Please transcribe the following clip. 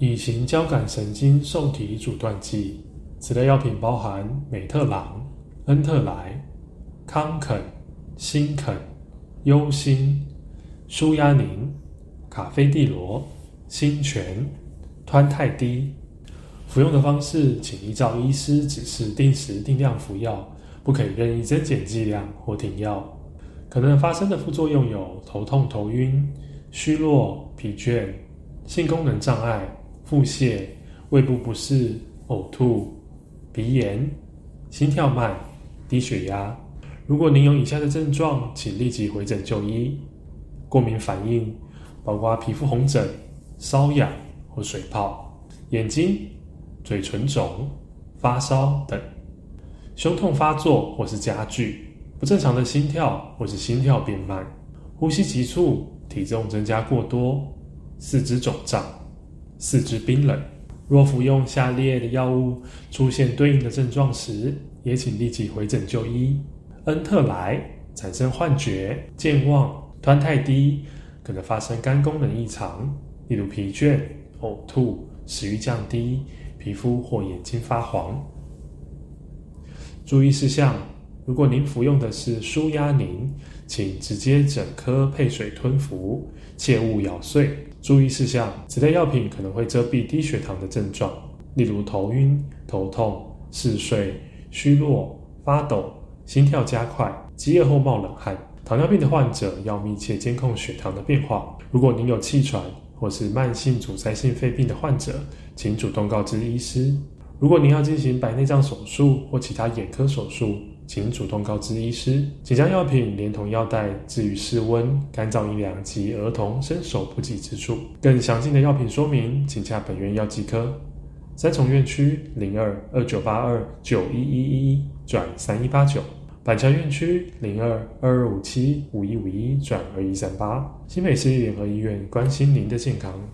乙型交感神經受體阻斷劑，此類藥品包含美特朗、恩特萊、康肯、新肯、優心、舒壓寧、卡菲地羅、新全、湍泰滴。服用的方式，請依照醫師指示，定時定量服藥，不可以任意增減劑量或停藥。可能發生的副作用有頭痛、頭暈、虛弱、疲倦、性功能障礙。腹瀉、胃部不適、嘔吐、鼻炎、心跳慢、低血壓。如果您有以下的症狀，請立即回診就醫：過敏反應，包括皮膚紅疹、瘙癢或水泡、眼睛、嘴唇腫、發燒等；胸痛發作或是加劇、不正常的心跳或是心跳變慢、呼吸急促、體重增加過多、四肢腫脹。四肢冰冷，若服用下列的藥物出現對應的症狀時，也請立即回診就醫。恩特來，產生幻覺、健忘、肝太低，可能發生肝功能異常，例如疲倦、嘔吐、食欲降低、皮膚或眼睛發黃。注意事項。如果您服用的是舒壓寧，請直接整顆配水吞服，切勿咬碎。注意事項：此類藥品可能會遮蔽低血糖的症狀，例如頭暈、頭痛、嗜睡、虛弱、發抖、心跳加快、飢餓後冒冷汗。糖尿病的患者要密切監控血糖的變化。如果您有氣喘或是慢性阻塞性肺病的患者，請主動告知醫師。如果您要進行白內障手術或其他眼科手術，請主動告知醫師，請將藥品連同藥袋置於室溫、乾燥、陰涼及兒童伸手不及之處。更詳盡的藥品說明，請洽本院藥劑科。三重院區零二二九八二九一一一轉三一八九，板橋院區零二二二五七五一五一轉二一三八，新北市立聯合醫院，關心您的健康。